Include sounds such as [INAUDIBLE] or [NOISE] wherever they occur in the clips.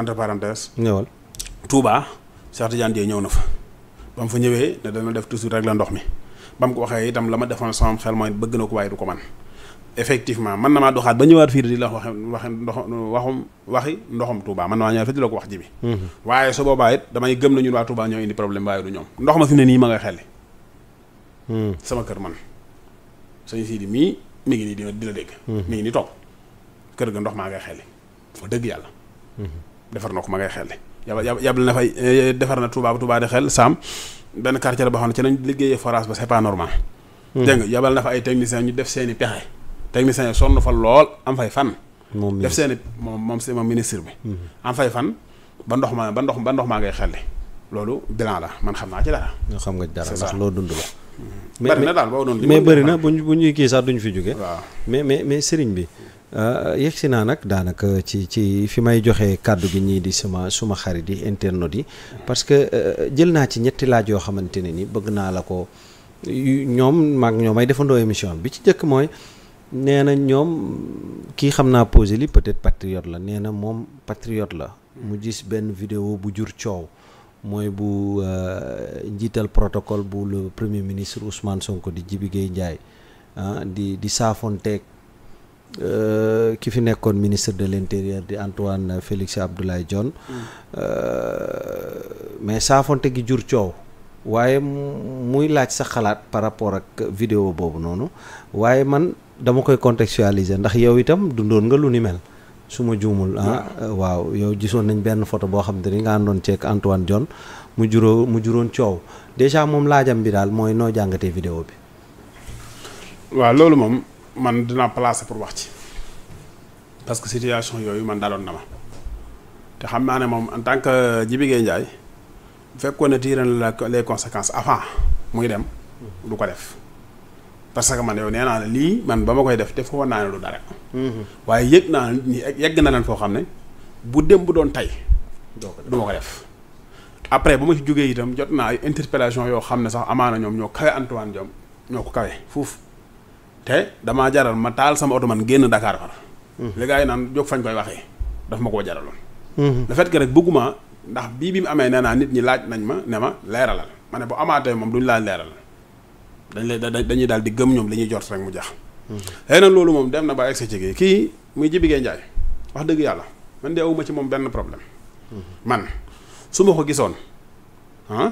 entre parenthèses. ñëwal Touba Cheikh a Dieye ñëw na fa ba mu fa ñëwee ne dana def toujours rek la ndox mi ba mu ko waxee itam la ma defoon sama xel mooy bëgg na ko waaye du na maa doxaat ba ñëwaat fii di la waxe waxe ndox waxum waxi ndoxum Touba man na maa ñëwaat fii di la ko wax ji bi mhm. waaye su boobaa it damay gëm nañu waa Touba ñoo indi problème waaye du ñoom ndox ma fi mu ne nii ma nga xel mhm. sama kër man sëñ Sidi mii mi ngi nii di la dégg mhm. mi ngi ni toog kër ga ndox maa ngay xel fa dëgg yàlla defar na ko ma ngay xel yab yab na fay eh, defar na Touba ba Touba di xel Sam benn quartier la xam ne ci lañ liggéeyee forage ba c'est pas normal. Hmm. dégg yabal na fa ay techniciens ñu def seen i pexe techniciens yi sonn fa lool am fay fan. moom seen i moom moom si moom ministre bi. Hmm. am fay fan ba ndox ma ba ndox ba ndox maa ngay xel loolu bilan la man xam naa ci dara. nga xam nga dara ndax loo dund la. Hmm. bëri na daal mais bëri na bu ñu bu ñu kii sax duñu fi jóge. mais mais sëriñ bi. Euh, yegg si naa nag daanaka ci ci fi may joxe kàddu gi ñii di sama suma xarit yi internautes yi parce que euh, jël naa ci ñetti laaj yoo xamante ne ni bëgg naa la ko ñoom mag ñoom ay defandoo émission bi ci njëkk mooy nee na ñoom kii xam naa posé li peut-être patriote la nee na moom patriote la mu gis benn vidéo bu jur coow mooy bu euh, njiital protocole bu le premier ministre Ousmane Sonko di Jibi Gueye Ndiaye ah, di di saafonteeg Euh, ki fi nekkoon ministre de l'intérieur di Antoine Félix Abdoulaye Diome mm. euh, mais saafonte gi jur coow waaye muy laaj sax xalaat par rapport ak vidéo boobu noonu waaye man dama koy contextualiser ndax yow itam dundoon nga lu ni mel su ma juumul ah euh, waaw yow gisoon nañ benn foto boo xam te ni nga àndoon ceek Antoine Diome mu juróo mu juróon coow déjà moom laajam bi daal mooy noo jàngate vidéo bi waaw loolu moom man dinaa placé pour wax ci parce que situation yooyu man daloon na ma te xam naa ne moom en tant que euh, Djibi Gueye Ndiaye bu fekkoon ne tiré na les conséquences avant muy dem du ko def parce que man yow nee naa ne lii man ba ma koy def te foogoon naa ne du dara. Mm-hmm. waaye yëg naa ni yegg na leen foo xam ne bu dem bu doon tey. du ma ko def. après bu ma ci jógee itam jot naa ay interpellation yoo xam ne sax amaana ñoom ñoo kawe Antoine Diome ñoo ko kawe fuuf. te damaa jaral ma taal sama oto génn dakaar far hmm. li yi naan jóg fañ koy waxee daf ma koo jaraloon hmm. le fait que rek bëgguma ndax bii bi mu amee nee naa nit ñi laaj nañ ma ne ma leeralal ma ne bu amaatee moom duñ laaj leeral dañ lay dañuy daal di gëm ñoom li ñuy jot rek mu jax hmm. xëy na loolu moom dem na ba egg ci kii muy jibigee Gueye wax dëgg yàlla man de awuma ci moom benn problème man su ma ko gisoon ah,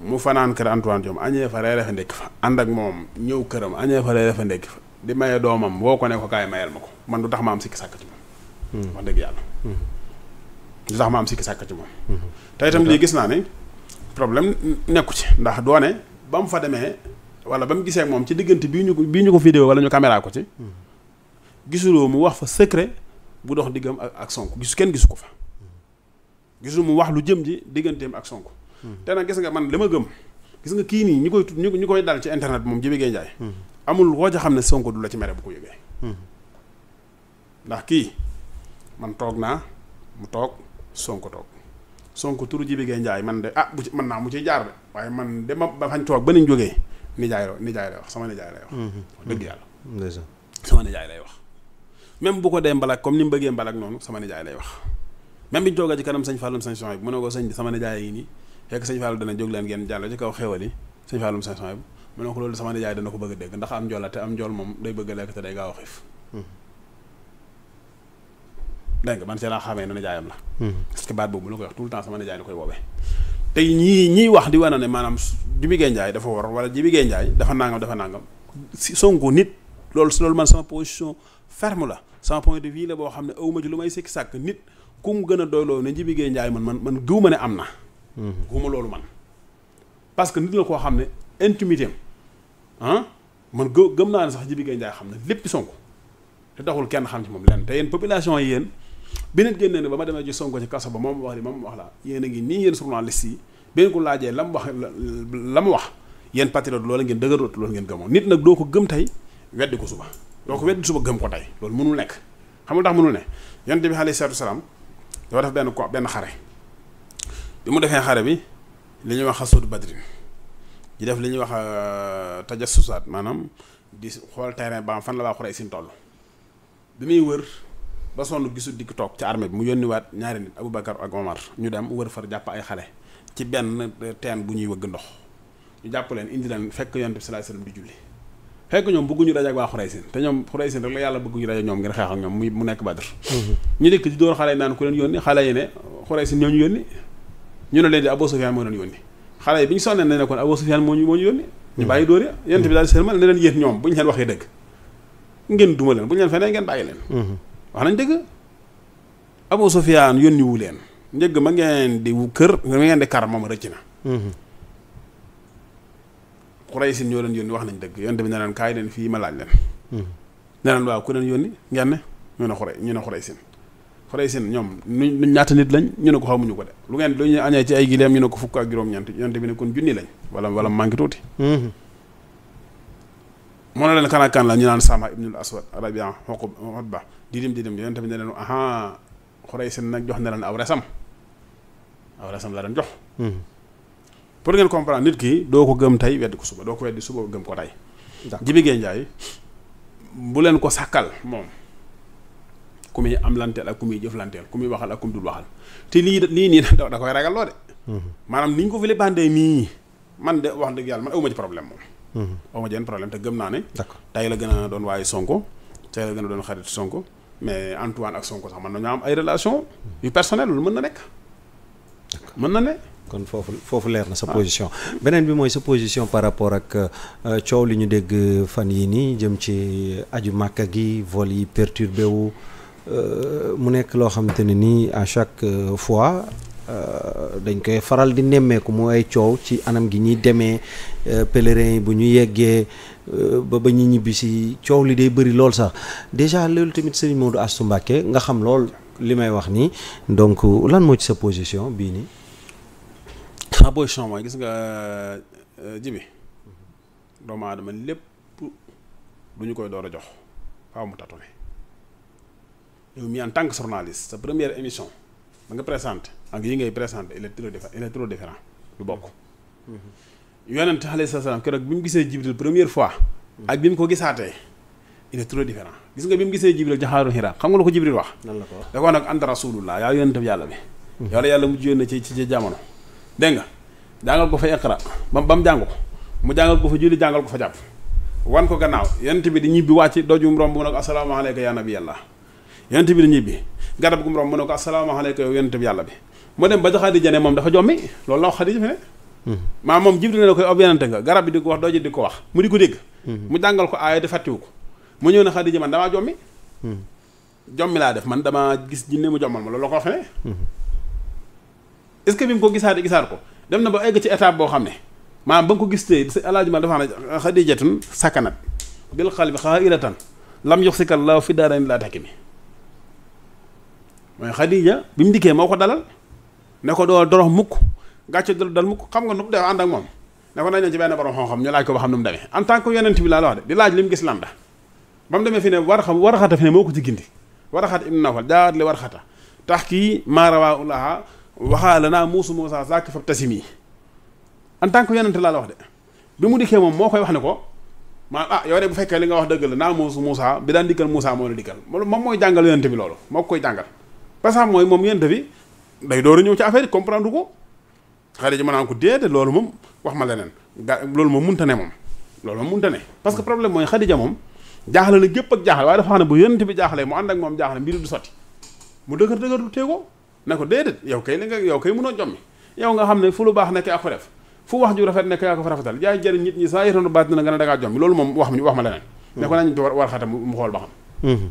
mu fanaan kër Antoine Diome añee fa reere fa ndekki fa ànd ak moom ñëw këram añee fa reere fa ndekki fa di maye doomam woo ko ne ko kaay mayel ma ko man du tax ma am sikki sàkk ci moom hmm. wax dëgg yàlla hmm. du tax ma moom hmm. te itam lii gis naa ne problème nekku ci ndax doone ba mu fa demee wala ba mu gisee ak moom ci diggante bii ñu bii ñu ko vidéo wala ñu caméra ko ci gisuloo mu wax fa secret bu dox diggam ak ak Sonko gisu kenn gisu ko fa gisul mu wax lu jëm ji digganteem ak sonk te nag gis nga man li ma gëm gis nga kii nii ñu koy tudd ñu koy dal ci internet moom Jibi Gueye Ndiaye amul woo ja xam ne Sonko du la ci mere bu ko yëgee ndax kii man toog naa mu toog Sonko toog Sonko turu Jibi Gueye Ndiaye man de ah bu ci mën naa mu ciy jaar de waaye man de ma ba fañ toog ba nañ jógee nijaay la nijaay lay wax sama nijaay lay wax mhm. dëgg yàlla sama nijaay lay wax même bu ko dee mbalak comme ni mu bëggee mbalak noonu sama nijaay lay wax même biñ toogee ci kanam sëñ Fallou sëñ Sohaïb bu mu ne ko sëñ bi sama nijaay yi nii fekk sëñ Fallou dana jóg leen ngeen jàll ci kaw xéwal yi sëñ Fallum 500 yëpp mu ko loolu sama nijaay dana ko bëgg a dégg ndax am njool la te am njool moom day bëgg a lekk te day gaaw a xiif hmm. dégg nga man see laa xamee ne nijaayam la hmm. parce que baat boobu la koy wax tout temps sama nijaay la koy woowee te ñii ñiy wax di wane ne maanaam Jibi Genjaay dafa war wala Jibi Genjaay dafa nangam dafa nangam si Sonko nit loolu loolu man sama position ferme la sama point de vue la boo xam ne awuma ci lu may sikki sàkk nit ku gën a doyloo ne Jibi Genjaay man man man gëw ma ne am na bugguma loolu man parce que nit la koo xam ne intimité am ah, man gë gëm naa ne sax Jibi Gueye Ndiaye xam ne lépp Sonko te taxul kenn xam ci moom lenn te yéen population yi yéen beneen nit génnee ne ba ma demee ci Sonko ci kaso ba moom wax li moom wax la yéen a ngi nii yéen journaliste yi benn ko laajee la mu wax la mu wax yenn patriote loolu ngeen dëgëroot loolu ngeen gëmoon nit nag doo ko gëm tey weddi ko suba doo ko weddi suba gëm ko tey loolu mënul nekk xam nga tax mënul ne yonent bi alayhi salaatu wa salaam dafa def benn ko benn xare bi mu defee xare bi li ñuy wax xasuut badrin di def li ñuy wax euh, tajassusaat maanaam di xool terrain ba fan la waa Quraysh sin toll bi muy wër ba sonn gisul dikk toog ci armée bi mu yónniwaat ñaari nit Aboubacar ak Omar ñu dem wër far jàpp ay xale ci benn teen bu ñuy wëgg ndox ñu jàpp leen indi leen fekk yonent bi sallallahu alayhi wasallam di julli fekk ñoom bëgguñu daje ak waa Xuraysin te ñoom Xuraysin rek la yàlla bëgguñu daje ñoom ngir xeex ak ñoom mu nekk Badr mm-hmm. ñu ñu ne leen di Abou Soufiane moo doon yónni xale yi bi ñu sonnee ne kon Abou Soufiane moo ñu moo ñu yónni ñu bàyyi dóor ya yent bi daal sërmal ne leen yéen ñoom bu ñu leen waxee dëgg ngeen duma leen bu ñu leen fenee mhm. wax nañ dëgg Abou Soufiane leen njëgg ma ngeen kër ma ngeen di kar na mhm. si ñoo leen wax nañ dëgg yent bi ne kaay leen fii ma laaj leen mhm. ne waaw ku leen yónni ngeen ne ñu ne Quraysh ñu ne Quraysh Xuraysin ñoom nu ñaata nit lañ ñu ne ko xamuñu ko de lu ngeen lu ñu añee ci ay gileem ñu ne ko fukk ak juróom-ñeent yonent bi ne kon junni lañ wala wala manqué tuuti mm-hmm. moo ne leen kan ak la ñu naan Sama ibnul Aswad Rabian Uqba Utba didim didim yonent bi ne leen aha Xuraysin nag jox na leen aw resam aw resam la leen jox mm-hmm. pour ngeen comprendre nit ki doo ko gëm tey weddi ko suba doo ko weddi suba gëm ko tey Jibi Géey Njaay bu leen ko sàkkal moo ku muy am lanteel ak ku muy jëflanteel ku muy waxal ak ku mu dul waxal te lii lii nii [LAUGHS] da koy ragal loo de mhm. maanaam ni ñu ko fi bandee nii man de wax dëgg yàlla man awuma ci problème moom mhm. awuma ci yenn problème te gëm naa ne tey la gën a doon waaye sonko tey la gën a doon xarit sonko mais Antoine ak Sonko sax man nañoo am ay relation yu personnel loolu mën na nekk mën na ne kon foofu foofu leer na sa ah. position beneen bi mooy sa position par rapport ak euh, coow li ñu dégg fan yi nii jëm ci aju màkka gi vol yi perturbé wu Euh, mu nekk loo xamante ne nii à chaque euh, fois euh, dañ koy faral di nemmeeku mu ay coow ci anam gi ñuy demee pèlerins yi bu ñu yeggee ba ba ñu ñibbisi coow li day bëri lool sax déjà loolu tamit sëriñ Modou Astou Mbacké nga xam lool li may wax nii donc lan moo ci sa position bii nii. sa position mooy gis nga jibi doomu aadama lépp du ñu koy doon a jox faaw mu tatoné. yow mii en que journaliste sa première émission ba nga présenté ak yi ngay présenté il est trop différent il est trop différent du bokk. Mm-hmm. yonent alayhi salaam bi mu gisee Jibril première fois. Mm-hmm. bi mu ko gisaatee. il est gis nga bi mu gisee Jibril jaxaaru Hira xam nga lu ko Jibril wax. nan la ko wax da koo nag anta rasulullah yaa yonentam yàlla bi. Mm-hmm. yow la yàlla mujj ci ci jamono. dégg nga jàngal ko fa iqra ba ba mu jàng ko mu jàngal ko fa julli jàngal ko fa jàpp wan ko gannaaw yonent bi di ñibbi wàcc dojum romb nag asalaamaaleykum yaa nabi la yonent bi di ñibbi garab gu mu romb mu ne ko asalaamaaleykum yow yonent yàlla bi mu dem ba ca Xadija ne moom dafa jommi loolu la wax Xadija fi hmm. maa moom Jibril ne koy ob nga garab bi di ko wax doo di ko wax mu di ko dégg hmm. mu jàngal ko aaya di fàttiwu ko mu ñëw ne Xadija man damaa jommi hmm. jommi laa def man damaa gis jinne mu jommal ma loolu la ko wax ne est-ce que bi mu ko gisaat gisaat ko dem na ba egg ci étape boo xam ne maanaam ba ko gis tey si alaaji ma dafa xam ne xadijatun sakanat bil xalbi xaa ilatan lam yox sikal laaw fi daarayn laa tekki mi mais Khadija bi mu dikkee moo ko dalal ne ko doo dorox mukk gàcce dal dal mukk xam nga nu mu def ànd ak moom ne ko benn borom xam-xam ñu laaj ko xam nu mu demee en tant que yonent bi laa la wax de di laaj war xam war xata ne moo ko ci gindi war xata ibn Nawfal jaat li war xata tax kii maarawaa ulaha waxaa la naa muusu muusa sàkk fab tasim yi en tant que yonent laa la wax de bi mu dikkee moom moo koy wax ne ko maa ah yow de bu fekkee li nga wax dëgg la naa muusu muusa bi daan dikkal muusa moo la dikkal moom mooy jàngal yonent bi loolu moo koy jàngal parce que mooy moom yéen bi day door a ñëw ci affaire yi comprendre ko xale ji ma ko déedéet loolu moom wax ma leneen ga loolu moom munta ne moom loolu moom parce que problème mooy Xadija moom jaaxle na gépp ak jaaxle waaye dafa xam ne bu yonent bi nga yow nekk yaa ko def fu na nga ne da ngaa jommi loolu moom wax wax ma leneen ne ko nañ war xatam mu xool ba xam mm-hmm.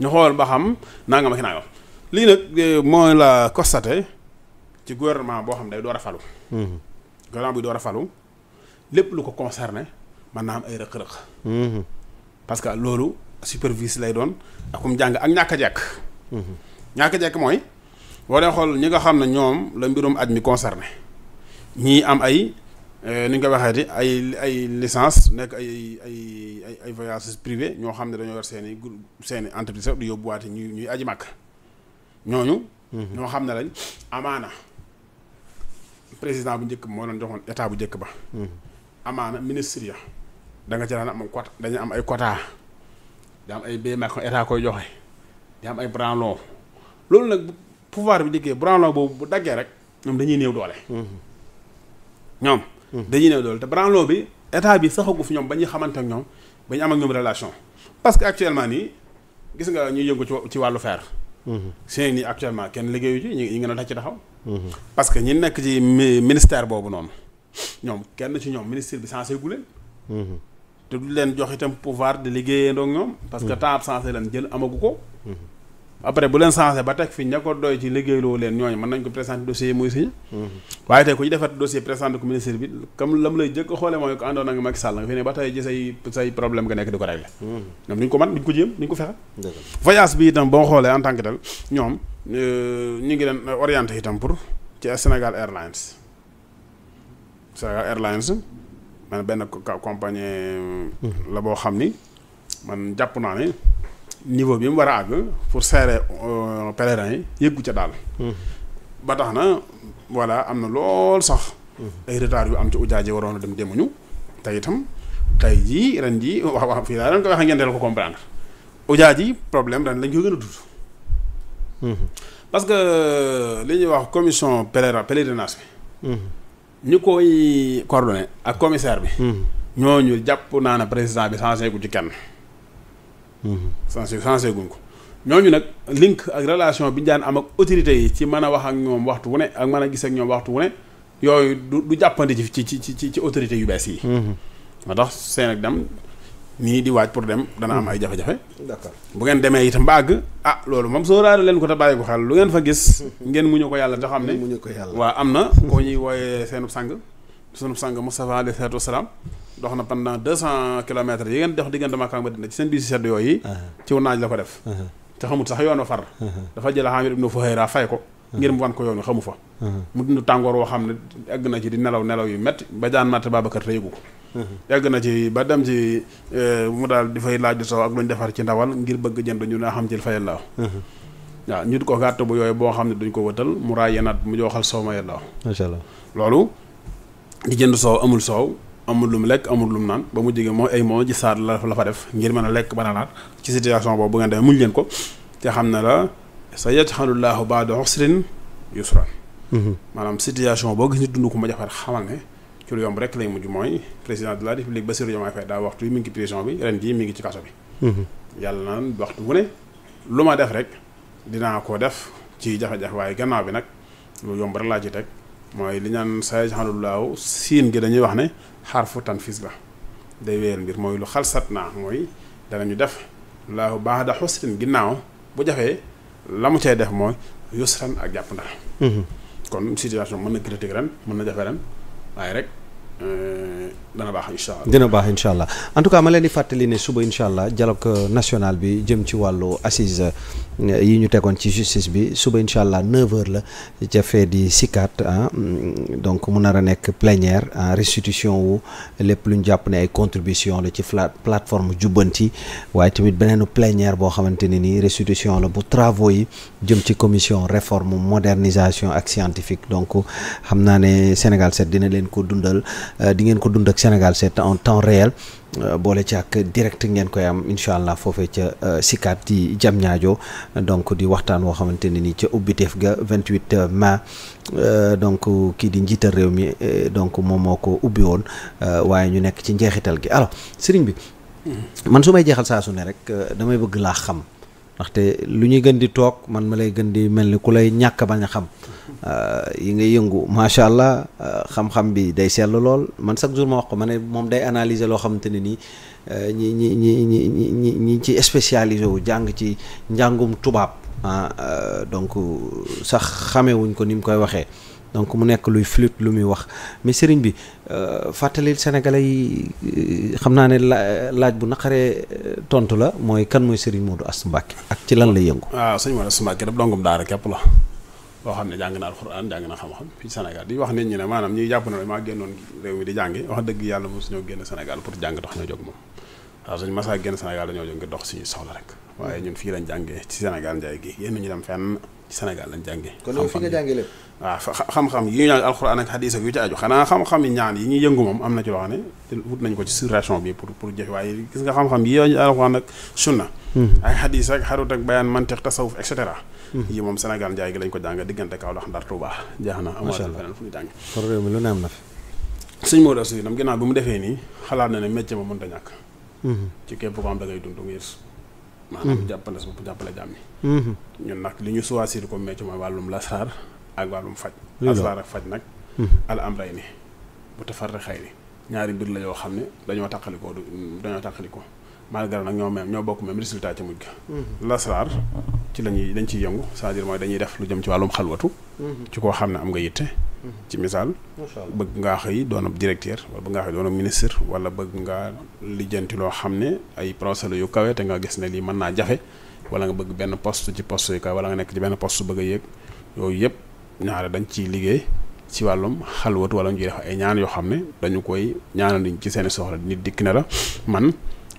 ñu xool ba xam nangam ak nangam lii nag eh, mooy la constaté ci gouvernement boo xam ne day doo a falu. Mhm. gouvernement bi door a lépp lu ko concerné mën naa am ay rëq-rëq. Mhm. parce que loolu supervise lay doon ak comme jàng ak ñàkk jàkk mhm. ñàkk a mooy boo dee xool ñi nga xam ne ñoom la mbirum aj mi concerné ñii am ay Euh, ni nga waxee waxeeti ay ay licence nekk ay ay ay ay voyages privés ñoo xam ne dañoo yor seen i seen i entreprise du yóbbuwaate ñuy ñuy aji màkk ñooñu. Mhm. ñoo xam ne lañ amaana président bu njëkk moo doon joxoon état bu njëkk ba. Mhm. amaana ministre ya danga nga ci daan am quota dañu am ay quota daam ay bee màkk état koy joxe da am ay branlon loolu nag pouvoir bi dikkee branlon boobu bu daggee rek ñoom dañuy néew doole. Mhm. ñoom. dañuy ne loolu te branlon bi état bi saxagu fi ñoom ba ñuy xamante ak ñoom ba ñu am ñoom relation. parce que actuellement nii gis nga ñuy yëngu ci wàllu fer. seen nii actuellement kenn liggéeyu ci ñu ngi doon ci taxaw. parce que ñi nekk ci ministère boobu noonu ñoom kenn ci ñoom ministère bi censé gu leen. te du leen jox itam pouvoir di liggéeyandoo ak ñoom. parce que mm-hmm. temps absence leen jël amagu ko. après bu leen changé ba teg fi ña ko doy ci liggéeyloo leen ñooñu mën nañ ko présenté dossier yi muy signé mm-hmm. waaye tey ku ñu defar lay jëkk xoole mooy ko àndoon na nga Macky Sall nga fi ne ba ko réglé mm-hmm. ñoom duñ ko man ko jéem duñ ko fexe voyage bi itam boo xoolee ñoom euh, ñu ngi leen orienté itam pour ci Sénégal Airlines Sénégal Airlines man benn compagnie mm-hmm. la boo xam ni man jàpp naa ne niveau bi mu war a àgg pour serrer euh, pèlerins yi yëggu ca daal. Hmm. ba tax na voilà am na lool sax. Hmm. ay retard yu am ci ujaaj yi waroon a dem demuñu te itam tey jii ren ji wax wax fii daal ren ko wax ngeen deel ko comprendre ujaaj ji problème ren lañ ko gën a dund. Hmm. Euh, li ñuy wax commission pèlerin pèlerinage bi. ñu koy coordonné ak commissaire bi. ñooñu jàpp naa ne président bi changé gu ci kenn. sensé sensé guñ ko ñooñu nag link ak relation bi ñu daan am ak autorités yi ci mën a wax ak ñoom waxtu wu ne ak mën a gis ak ñoom waxtu wu ne yooyu du du jàppandi ci ci ci ci autorités yu bees yi. Mhm. moo tax seen ak dem nii di waaj pour dem dana am mhm. ay jafe-jafe. bu ngeen demee itam bàgg ah loolu moom sóoraale leen ko te bàyyi ko xel lu ngeen fa gis. Mhm. ngeen muñu ko yàlla te xam ne. muñu ko yàlla waaw am na. koo ñuy wooyee seenub sàng seenub sang Moustapha alayhi salaatu wa salaam dox na pendant deux cent kilomètres yi ngeen dox diggante Makka ak Madina ci seen biir si sedd yooyu uh-huh. ci naaj la ko def uh-huh. te xamut sax yoon wa far uh-huh. dafa jël Amir ibn Fuhayra fay ko ngir mu xamu fa mu dund tàngoor woo xam ne egg na ci di nelaw nelaw yu métti ba jaan matt Babacar te yëgu ko egg na ci ba dem ci eh, mu daal di fay laaj soow ak lu ñu defar ci ndawal ngir bëgg jënd ñu naa xam ci fayal laaw waaw ñu ko gàtt bu yooyu boo xam ne duñ ko wëtal mu raay yenaat mu jooxal soow ma yellaaw macha allah loolu di jënd soow amul soow amul lum lekk amul lum naan ba mu jege mooy ay moo ci la la fa def ngir mën a lekk ba naan ci situation boobu bu ngeen demee muñ leen ko te xam ne la sa yajxalullaahu baada mhm. maanaam situation boo gis ni dund ko ma jafar xamal ne ci lu yomb rek lay mujj mooy président de la république ba Diomaye Faye daa waxtu yi mi ngi prison bi ren jii mi ngi ci kaso bi mhm. yàlla waxtu wu ne lu ma def rek dinaa ko def ci jafe-jafe waaye gannaaw bi nag lu yomb rek laa ci teg mooy li ñaan say jaxanulaaw siin gi dañuy wax ne xarfu tanfis la day wéyal mbir mooy lu xalsat naa mooy dana ñu def laahu baax da xusrin ginnaaw bu jafee la mu cay def mooy yusran ak jàpp ndax mhm. kon situation mën na critique ren mën na jafe ren waaye rek dana baax incha allah dina baax incha allah en tout cas ma leen di fàttali ne suba incha allah national bi jëm ci wàllu assise eh, yi ñu tegoon ci justice bi suba incha allah 9 la jafee di sikkat ah, mm, donc mu nar a nekk plénière ah, restitution wu lépp lu ñu jàpp ne ay contribution la ci plateforme jubbanti waaye tamit beneenu plénière boo xamante ne nii restitution la bu travaux yi jëm ci commission réforme modernisation ak scientifique donc xam naa ne Sénégal set dina leen ko dundal. Euh, di ngeen ko dund ak Sénégal c'est en temps réel euh, boole ci ak direct ngeen koy am incha allah foofee ca euh, Sicap di Diamniadio donc di waxtaan woo xamante ne nii ca ubbiteef ga vingt 28 mai donc kii di njiital réew mi donc moom moo ko ubbi woon waaye ñu nekk ci njeexital gi alors sëriñ bi man su may jeexal saa su ne rek damay bëgg laa xam. waxte lu ñuy gën di toog man ma lay gën di mel ni ku lay ñàkk bañ a xam euh, yi nga yëngu macha allah euh, xam-xam bi day sell lool man chaque jour ma wax ko ma moom day analyser loo xamante ne nii euh, ñi ñi ñi ñi ñi ñi ci spécialisé wu jàng ci njàngum tubaab ah donc sax xamewuñ ko ni mu koy waxee donc mu nekk luy flûte lu muy wax mi sëriñ bi euh, fàttalil senegal yi euh, xam naa ne laaj bu naqaree euh, tontu la mooy kan mooy sëriñ Modou Asta Mbacké ak ci lan lay yëngu. waaw ah, sëriñ Modou Asta Mbacké daf dongum daara képp la boo xam ne jàng na alxuraan na xam-xam fii Sénégal di wax nit ñi ne maanaam ñuy jàpp ne maa génnoon réew di jàngi wax dëgg yàlla mosu génn Sénégal pour jàng tax ñoo jóg moom waaw suñu masaa génn Sénégal dañoo jóg ngir dox suñu soxla rek waaye ñun fii lañ jàngee ci Sénégal njaay gi yéen ñu dem fenn ci Sénégal lañ jàngee. kon loolu fi nga jàngee lépp. waaw xam-xam yi ñu jàng alxuraan ak xadiis ak yu ci aju xanaa xam-xam yi ñaan yi ñuy yëngu moom am na ci wax ne wut nañ ko ci situation bi pour pour jëf waaye gis nga xam-xam yi yooyu alxuraan ak sunna hmm. ak xadiis ak xarut ak bayaan hmm. moom Sénégal njaay gi lañ ko jàng diggante Kaolack Ndar Touba jeex na amaat feneen fu ñu am na fi sëñ Modou Astou itam ginnaaw bi mu defee nii xalaat na ne métier ma mënta ñàkk hmm. ci képp ko am da ngay dund ngir maanaam jàppale sa bopp jàppale jàmm Mm-hmm. ñun nag li ñu choisir ko métier mooy wàllum lasraar ak wàllum faj. lasraar ak faj nag. Mm-hmm. al amray ni bu tafar xëy ni ñaari mbir la yoo xam ne dañoo tàqalikoo du dañoo tàqalikoo malgré nag ñoo même ñoo bokk même résultat ci mujj ga. Mm-hmm. ci la ñuy dañ ciy yëngu cest à dañuy def lu jëm ci wàllum xalwatu. ci koo xam ne am nga yitte. ci misaal. bëgg ngaa xëy doon ab directeur wala bëgg ngaa xëy doon ministre wala bëgg nga lijjanti loo xam ne ay procédures yu kawe te nga gis ne lii mën naa jafe. wala nga bëgg benn poste ci poste yi kaw wala nga nekk ci benn poste bëgg a yéeg yooyu yëpp ñaare dañ ciy liggéey ci wàllum xalwatu wala ñuy def ay ñaan yoo xam ne dañu koy ñaanal niñ ci seeni soxla nit dikk na la man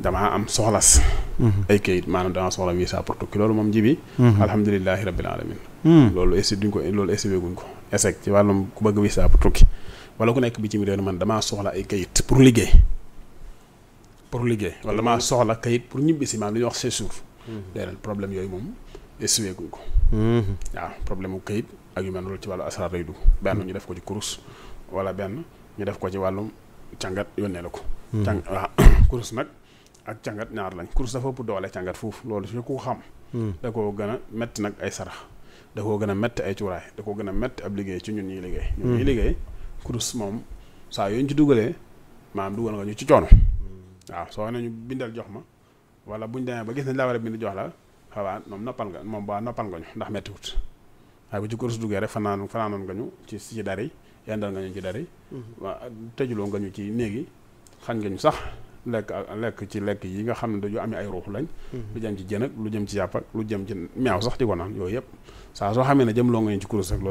damaa am soxlas mhm. ay kayit maanaam damaa soxla visa pour tukki loolu moom jibi mhm. alhamdulilahi rabbil alamin mhm. loolu esti duñ ko loolu estivé guñ ko échec ci ku bëgg visa pour tukki wala ku nekk bi ci réew man damaa soxla ay kayit pour liggéey pour liggéey wala damaa soxla kayit pour ñibbisi maanaam li ñuy wax séjour leneen mhm. problème yooyu moom essuyer guñ ko. Mhm. problème mu këyit ak yu mel noonu ci wàllu asraar lay dugg. Mhm. benn ñu def ko ci kurus wala benn ñu def ko ci wàllum càngat yónnee la ko. càng [COUGHS] waaw nag ak càngat ñaar lañ kurus dafa doole càngat foofu loolu su ko xam. da koo gën a métti nag ay sarax da koo gën a métti ay cuuraay da koo gën a métti ab liggéey ci ñun ñuy liggéey. ñun ñuy liggéey kurus moom saa yoo ñu ci dugalee maanaam dugal nga ñu ci coono waaw soo ne ñu bindal jox ma. wala buñ demee ba gis nañ la war a bind jox la xawaa moom noppal nga moom ba noppal nga ñu ndax mettiwut waaye bu ci kurus duggee rek fanaan fanaanoon nga ñu ci ci dara yi yendal nga ñu ci dara yi mhm. waa tëjuloo nga ñu ci néegi xañ nga ñu sax lekk lekk ci lekk yi nga xam ne dañu amee ay ruux lañ mhm. lu jëm ci jën lu jëm ci yàpp lu jëm ci meew sax di ko naan yooyu yëpp saa soo xamee ne jëm loo nga ñu ci kurus rek